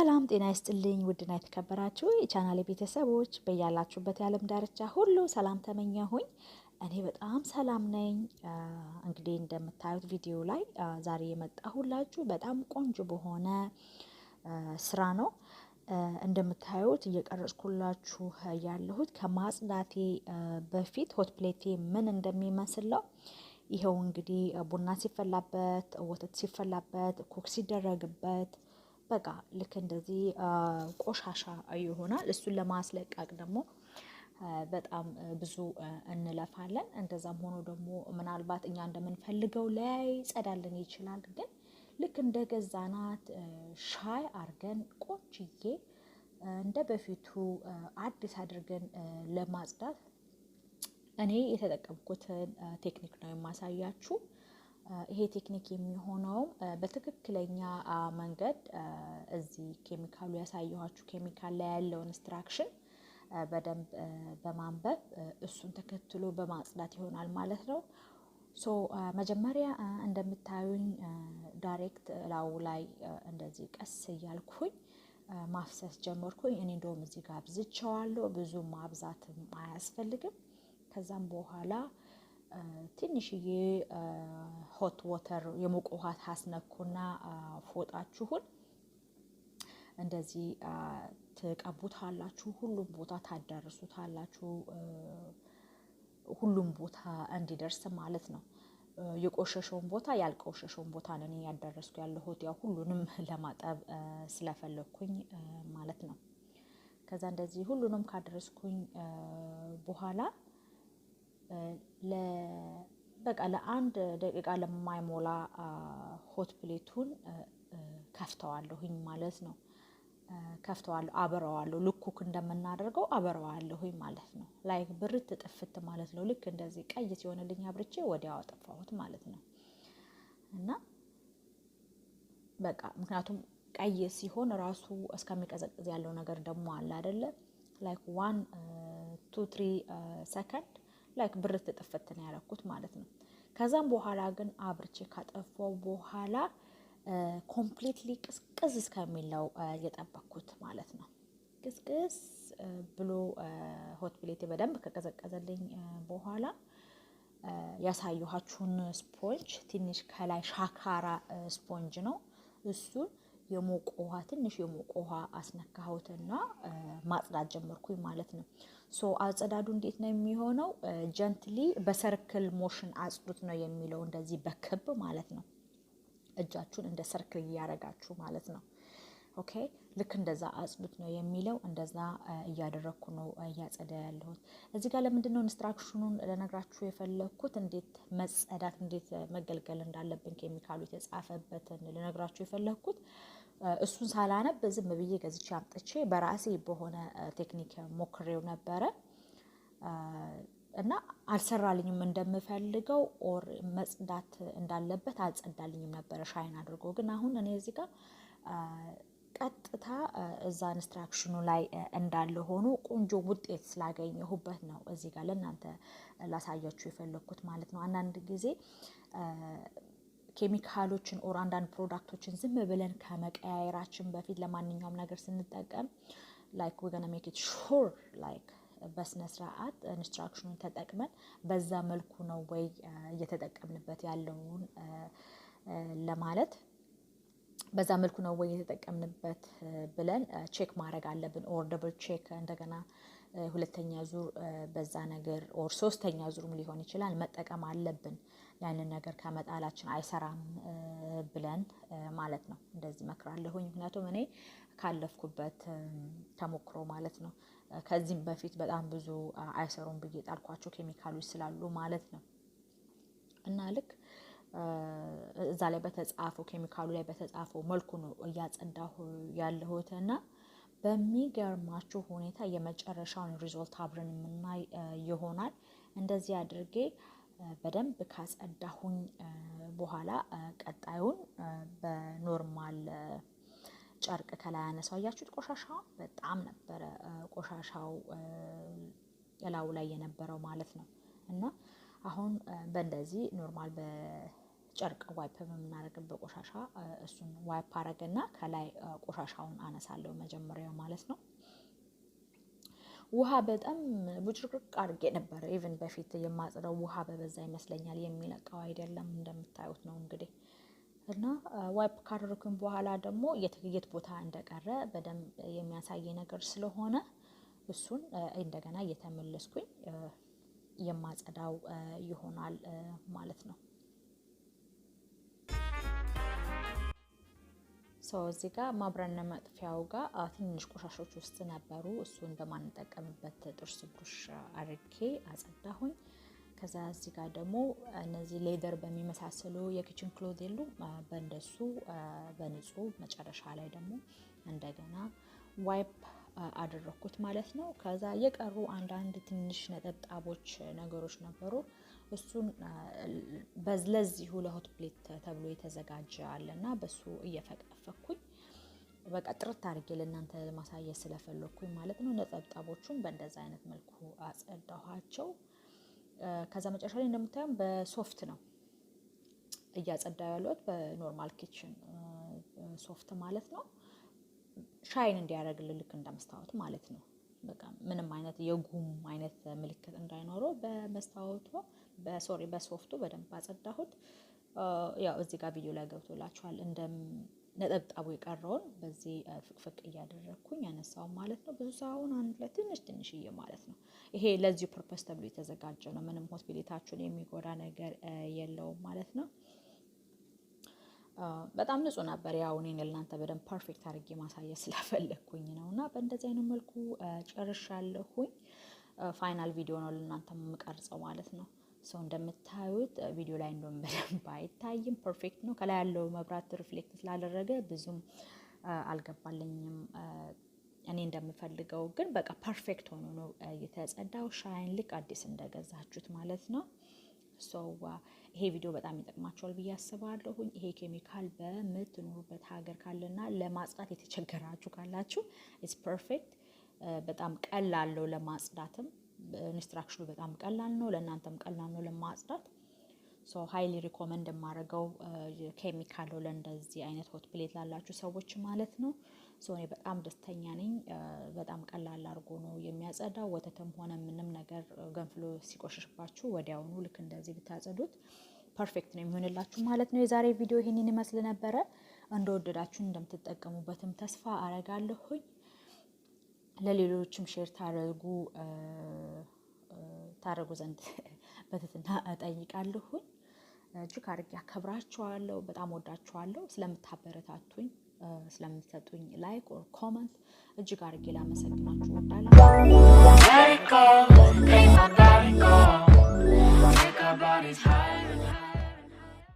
ሰላም ጤና ይስጥልኝ ውድና የተከበራችሁ የቻናሌ ቤተሰቦች በያላችሁበት የዓለም ዳርቻ ሁሉ ሰላም ተመኘሁኝ። እኔ በጣም ሰላም ነኝ። እንግዲህ እንደምታዩት ቪዲዮ ላይ ዛሬ የመጣሁላችሁ በጣም ቆንጆ በሆነ ስራ ነው። እንደምታዩት እየቀረጽኩላችሁ ያለሁት ከማጽዳቴ በፊት ሆት ፕሌቴ ምን እንደሚመስል ነው። ይኸው እንግዲህ ቡና ሲፈላበት፣ ወተት ሲፈላበት፣ ኩክ ሲደረግበት በቃ ልክ እንደዚህ ቆሻሻ ይሆናል። እሱን ለማስለቀቅ ደግሞ በጣም ብዙ እንለፋለን። እንደዛም ሆኖ ደግሞ ምናልባት እኛ እንደምንፈልገው ጸዳልን ይችላል። ግን ልክ እንደ ገዛናት ሻይ አርገን ቆንጅዬ እንደ በፊቱ አዲስ አድርገን ለማጽዳት እኔ የተጠቀምኩትን ቴክኒክ ነው የማሳያችሁ። ይሄ ቴክኒክ የሚሆነው በትክክለኛ መንገድ እዚህ ኬሚካሉ ያሳየኋችሁ ኬሚካል ላይ ያለውን ኢንስትራክሽን በደንብ በማንበብ እሱን ተከትሎ በማጽዳት ይሆናል ማለት ነው። ሶ መጀመሪያ እንደምታዩኝ ዳይሬክት ላው ላይ እንደዚህ ቀስ እያልኩኝ ማፍሰስ ጀመርኩኝ። እኔ እንደውም እዚህ ጋር አብዝቼዋለሁ። ብዙ ማብዛትም አያስፈልግም። ከዛም በኋላ ትንሽዬ ሆት ወተር የሞቀ ውሃ ታስነኩና ፎጣችሁን እንደዚህ ትቀቡታላችሁ። ሁሉም ቦታ ታዳርሱታላችሁ፣ ሁሉም ቦታ እንዲደርስ ማለት ነው። የቆሸሸውን ቦታ ያልቆሸሸውን ቦታ ነው እኔ ያለሁት፣ ያው ሁሉንም ለማጠብ ስለፈለግኩኝ ማለት ነው። ከዛ እንደዚህ ሁሉንም ካደረስኩኝ በኋላ በቃ ለአንድ ደቂቃ ለማይሞላ ሆት ፕሌቱን ከፍተዋለሁኝ ማለት ነው። ከፍተዋለሁ፣ አበረዋለሁ። ልኩክ እንደምናደርገው አበረዋለሁኝ ማለት ነው። ላይክ ብርት ጥፍት ማለት ነው። ልክ እንደዚህ ቀይ ሲሆንልኝ አብርቼ ወዲያው አጠፋሁት ማለት ነው። እና በቃ ምክንያቱም ቀይ ሲሆን ራሱ እስከሚቀዘቅዝ ያለው ነገር ደግሞ አለ አይደለ? ላይክ ዋን ቱ ትሪ ሰከንድ ላይክ ብር ትጥፍት ነው ያረኩት ማለት ነው። ከዛም በኋላ ግን አብርቼ ካጠፋው በኋላ ኮምፕሊትሊ ቅዝቅዝ እስከሚለው የጠበኩት ማለት ነው። ቅዝቅዝ ብሎ ሆት ፕሌቴ በደንብ ከቀዘቀዘልኝ በኋላ ያሳየኋችሁን ስፖንጅ ትንሽ ከላይ ሻካራ ስፖንጅ ነው እሱን የሞቀ ውሃ ትንሽ የሞቀ ውሃ አስነካሁትና ማጽዳት ጀመርኩኝ ማለት ነው። ሶ አጸዳዱ እንዴት ነው የሚሆነው? ጀንትሊ በሰርክል ሞሽን አጽዱት ነው የሚለው፣ እንደዚህ በክብ ማለት ነው። እጃችሁን እንደ ሰርክል እያረጋችሁ ማለት ነው። ኦኬ ልክ እንደዛ አጽዱት ነው የሚለው። እንደዛ እያደረግኩ ነው እያጸደ ያለሁት። እዚህ ጋር ለምንድን ነው ኢንስትራክሽኑን ለነግራችሁ የፈለግኩት እንዴት መጸዳት እንዴት መገልገል እንዳለብን ኬሚካሉ የተጻፈበትን ለነግራችሁ የፈለግኩት እሱን ሳላነብ ዝም ብዬ ገዝቼ አምጥቼ በራሴ በሆነ ቴክኒክ ሞክሬው ነበረ እና አልሰራልኝም። እንደምፈልገው ኦር መጽዳት እንዳለበት አልጸዳልኝም ነበረ ሻይን አድርጎ። ግን አሁን እኔ እዚህ ጋር ቀጥታ እዛ ኢንስትራክሽኑ ላይ እንዳለ ሆኖ ቆንጆ ውጤት ስላገኘሁበት ነው እዚህ ጋር ለእናንተ ላሳያችሁ የፈለግኩት ማለት ነው። አንዳንድ ጊዜ ኬሚካሎችን ኦር አንዳንድ ፕሮዳክቶችን ዝም ብለን ከመቀያየራችን በፊት ለማንኛውም ነገር ስንጠቀም ላይክ ወገና ሜክት ሹር ላይክ በስነ ስርዓት ኢንስትራክሽኑን ተጠቅመን በዛ መልኩ ነው ወይ እየተጠቀምንበት ያለውን ለማለት በዛ መልኩ ነው ወይ የተጠቀምንበት ብለን ቼክ ማድረግ አለብን። ኦር ደብል ቼክ እንደገና ሁለተኛ ዙር በዛ ነገር ኦር ሶስተኛ ዙርም ሊሆን ይችላል መጠቀም አለብን። ያንን ነገር ከመጣላችን አይሰራም ብለን ማለት ነው። እንደዚህ መክራለሁኝ። ምክንያቱም እኔ ካለፍኩበት ተሞክሮ ማለት ነው። ከዚህም በፊት በጣም ብዙ አይሰሩም ብዬ ጣልኳቸው ኬሚካሎች ስላሉ ማለት ነው እና ልክ እዛ ላይ በተጻፈው ኬሚካሉ ላይ በተጻፈው መልኩ ነው እያጸዳሁ ያለሁት እና በሚገርማችሁ ሁኔታ የመጨረሻውን ሪዞልት አብረን የምናይ ይሆናል። እንደዚህ አድርጌ በደንብ ካጸዳሁኝ በኋላ ቀጣዩን በኖርማል ጨርቅ ከላይ አነሳው። አያችሁት? ቆሻሻው በጣም ነበረ ቆሻሻው እላዩ ላይ የነበረው ማለት ነው። እና አሁን በእንደዚህ ኖርማል በጨርቅ ዋይፕ በምናደርግበት ቆሻሻ እሱን ዋይፕ አረግና ከላይ ቆሻሻውን አነሳለሁ መጀመሪያው ማለት ነው። ውሃ በጣም ቡጭርቅርቅ አድርጌ ነበረ። ኢቨን በፊት የማጽደው ውሃ በበዛ ይመስለኛል። የሚለቀው አይደለም እንደምታዩት ነው እንግዲህ እና ዋይፕ ካደረኩኝ በኋላ ደግሞ የት ቦታ እንደቀረ በደንብ የሚያሳይ ነገር ስለሆነ እሱን እንደገና እየተመለስኩኝ የማጸዳው ይሆናል ማለት ነው። ሰው እዚህ ጋር ማብሪያና መጥፊያው ጋር ትንሽ ቆሻሾች ውስጥ ነበሩ። እሱን በማንጠቀምበት ጥርስ ብሩሽ አድርጌ አጸዳሁኝ። ከዛ እዚህ ጋር ደግሞ እነዚህ ሌደር በሚመሳሰሉ የኪችን ክሎዝ የሉ በእንደሱ በንጹህ መጨረሻ ላይ ደግሞ እንደገና ዋይፕ አደረኩት ማለት ነው። ከዛ የቀሩ አንዳንድ ትንሽ ነጠብጣቦች ነገሮች ነበሩ። እሱን በዝለዚሁ ለሆት ፕሌት ተብሎ የተዘጋጀ አለና በሱ እየፈቀፈኩኝ በቃ ጥርት አድርጌ ለእናንተ ማሳየት ስለፈለኩኝ ማለት ነው። ነጠብጣቦቹን በእንደዛ አይነት መልኩ አጸዳኋቸው። ከዛ መጨረሻ ላይ እንደምታየም በሶፍት ነው እያጸዳ ያለሁት በኖርማል ኪችን ሶፍት ማለት ነው። ሻይን እንዲያደርግልን ልክ እንደመስታወት ማለት ነው። በቃ ምንም አይነት የጉም አይነት ምልክት እንዳይኖረው በመስታወቱ በሶሪ በሶፍቱ በደንብ አጸዳሁት። ያው እዚህ ጋር ቪዲዮ ላይ ገብቶላችኋል። እንደ ነጠብጣቡ የቀረውን በዚህ ፍቅፍቅ እያደረግኩኝ ያነሳው ማለት ነው። ብዙ ሳይሆን አንድ ላይ ትንሽ ትንሽዬ ማለት ነው። ይሄ ለዚሁ ፐርፐስ ተብሎ የተዘጋጀ ነው። ምንም ሆስፒታችሁን የሚጎዳ ነገር የለውም ማለት ነው። በጣም ንጹህ ነበር። ያው እኔን ለእናንተ በደንብ ፐርፌክት አድርጌ ማሳየት ስለፈለግኩኝ ነው እና በእንደዚህ አይነት መልኩ ጨርሻለሁኝ። ፋይናል ቪዲዮ ነው ለእናንተ የምቀርጸው ማለት ነው። ሰው እንደምታዩት ቪዲዮ ላይ እንደም በደንብ አይታይም፣ ፐርፌክት ነው። ከላይ ያለው መብራት ሪፍሌክት ስላደረገ ብዙም አልገባልኝም። እኔ እንደምፈልገው ግን በቃ ፐርፌክት ሆኖ ነው የተጸዳው። ሻይን ልክ አዲስ እንደገዛችሁት ማለት ነው። ይሄ ቪዲዮ በጣም ይጠቅማቸዋል ብዬ አስባለሁኝ። ይሄ ኬሚካል በምትኖሩበት ሀገር ካለና ለማጽዳት የተቸገራችሁ ካላችሁ ኢትስ ፐርፌክት። በጣም ቀላል ነው ለማጽዳትም፣ ኢንስትራክሽኑ በጣም ቀላል ነው፣ ለእናንተም ቀላል ነው ለማጽዳት ሶ ሀይሊ ሪኮመንድ የማደርገው ኬሚካል ለእንደዚህ አይነት ሆት ፕሌት ላላችሁ ሰዎች ማለት ነው። ሶ እኔ በጣም ደስተኛ ነኝ። በጣም ቀላል አድርጎ ነው የሚያጸዳው። ወተትም ሆነ ምንም ነገር ገንፍሎ ሲቆሽሽባችሁ ወዲያውኑ ልክ እንደዚህ ብታጸዱት ፐርፌክት ነው የሚሆንላችሁ ማለት ነው። የዛሬ ቪዲዮ ይህንን ይመስል ነበረ። እንደወደዳችሁ እንደምትጠቀሙበትም ተስፋ አረጋለሁኝ። ለሌሎችም ሼር ታደርጉ ታደረጉ ዘንድ በትትና እጠይቃለሁኝ። እጅግ አድርጌ አከብራችኋለሁ። በጣም ወዳችኋለሁ። ስለምታበረታቱኝ፣ ስለምትሰጡኝ ላይክ ኦር ኮመንት እጅግ አድርጌ ላመሰግናችሁ ወዳለሁ።